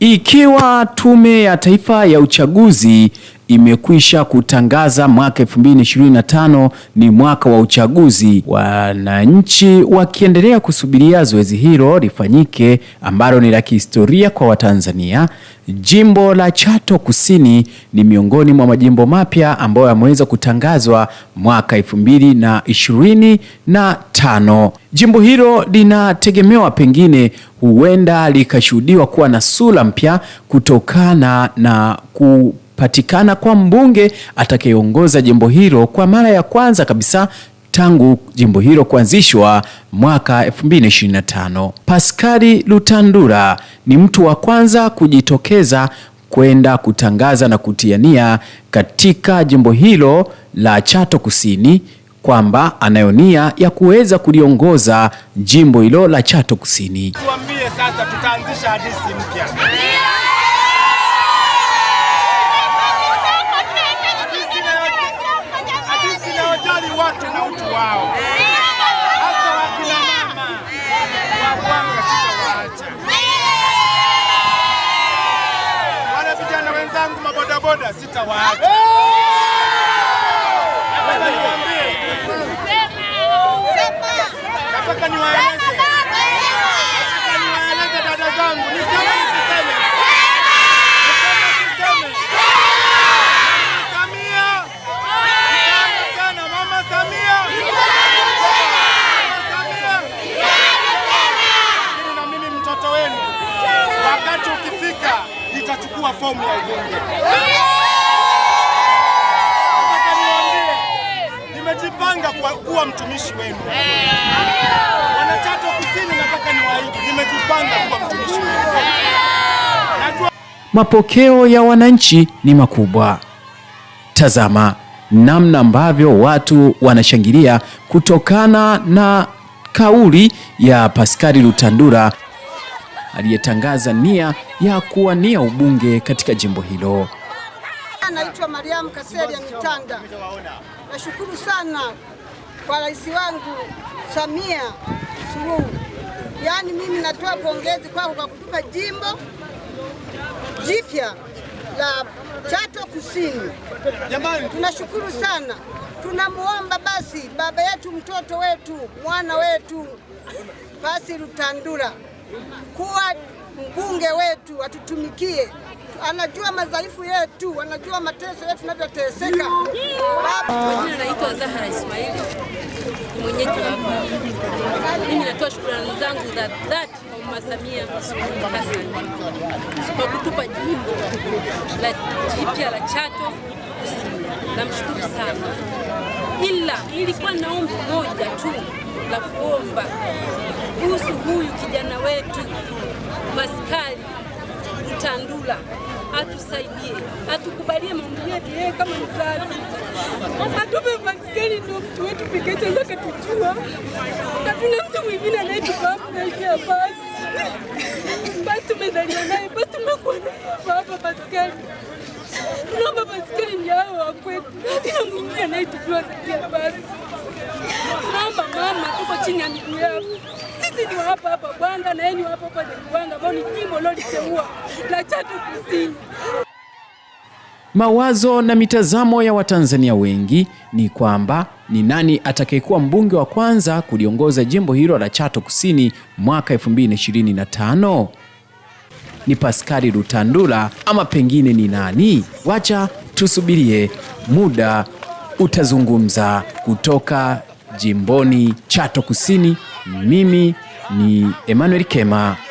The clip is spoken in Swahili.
Ikiwa Tume ya Taifa ya Uchaguzi imekwisha kutangaza mwaka 2025 ni mwaka wa uchaguzi, wananchi wakiendelea kusubiria zoezi hilo lifanyike ambalo ni la kihistoria kwa Watanzania. Jimbo la Chato Kusini ni miongoni mwa majimbo mapya ambayo yameweza kutangazwa mwaka 2025. Jimbo hilo linategemewa pengine huenda likashuhudiwa kuwa na sura mpya kutokana na ku kupatikana kwa mbunge atakayeongoza jimbo hilo kwa mara ya kwanza kabisa tangu jimbo hilo kuanzishwa mwaka 2025. Paskari Lutandura ni mtu wa kwanza kujitokeza kwenda kutangaza na kutiania katika jimbo hilo la Chato Kusini kwamba anayo nia ya kuweza kuliongoza jimbo hilo la Chato Kusini. Tuambie sasa tutaanzisha hadithi mpya. bodaboda sitawaacha. atachukua fomu ya ubunge. Nimejipanga kwa kuwa mtumishi wenu Wanachato Kusini, nataka niwaahidi, nimejipanga kuwa mtumishi wenu. mapokeo ya wananchi ni makubwa. Tazama namna ambavyo watu wanashangilia kutokana na kauli ya Paschal Lutandura aliyetangaza nia ya kuwania ubunge katika jimbo hilo. Anaitwa Mariamu Kaseria Mitanda. Nashukuru sana kwa rais wangu Samia Suluhu, yaani mimi natoa pongezi kwako kwa kutupa jimbo jipya la Chato Kusini. Tunashukuru sana, tunamwomba basi baba yetu, mtoto wetu, mwana wetu, basi Lutandula kuwa mbunge wetu atutumikie, anajua madhaifu yetu, anajua mateso yetu tunavyoteseka. naitwa Zahara Ismaili, mwenyeji hapa. Mimi natoa shukrani zangu za dhati kwa Mama Samia Suluhu Hassan kwa kutupa jimbo la jipya la Chato na namshukuru sana, ila nilikuwa na ombi moja tu la kuomba kuhusu huyu kijana askari Tandula atusaidie, atukubalie mambo yetu. Yeye kama mzazi atupe baskeli, ndio mtu wetu pekee tunaweza kutujua, na mtu mwingine anayetufahamu zaidi basi basi, tumezaliwa naye basi, tumekuwa naye baba baskeli. Tunaomba baskeli ndio awe wa kwetu, hatuna mwingine anayetujua zaidi ya basi. Tunaomba mama, tuko chini ya miguu yako, sisi ni hapa hapa Bwanga na yeye ni hapa hapa ambao ni jimbo la Chato Kusini. Mawazo na mitazamo ya Watanzania wengi ni kwamba ni nani atakayekuwa mbunge wa kwanza kuliongoza jimbo hilo la Chato Kusini mwaka 2025? Ni Paskari Lutandula ama pengine ni nani? Wacha tusubirie, muda utazungumza. Kutoka jimboni Chato Kusini, mimi ni Emmanuel Kema.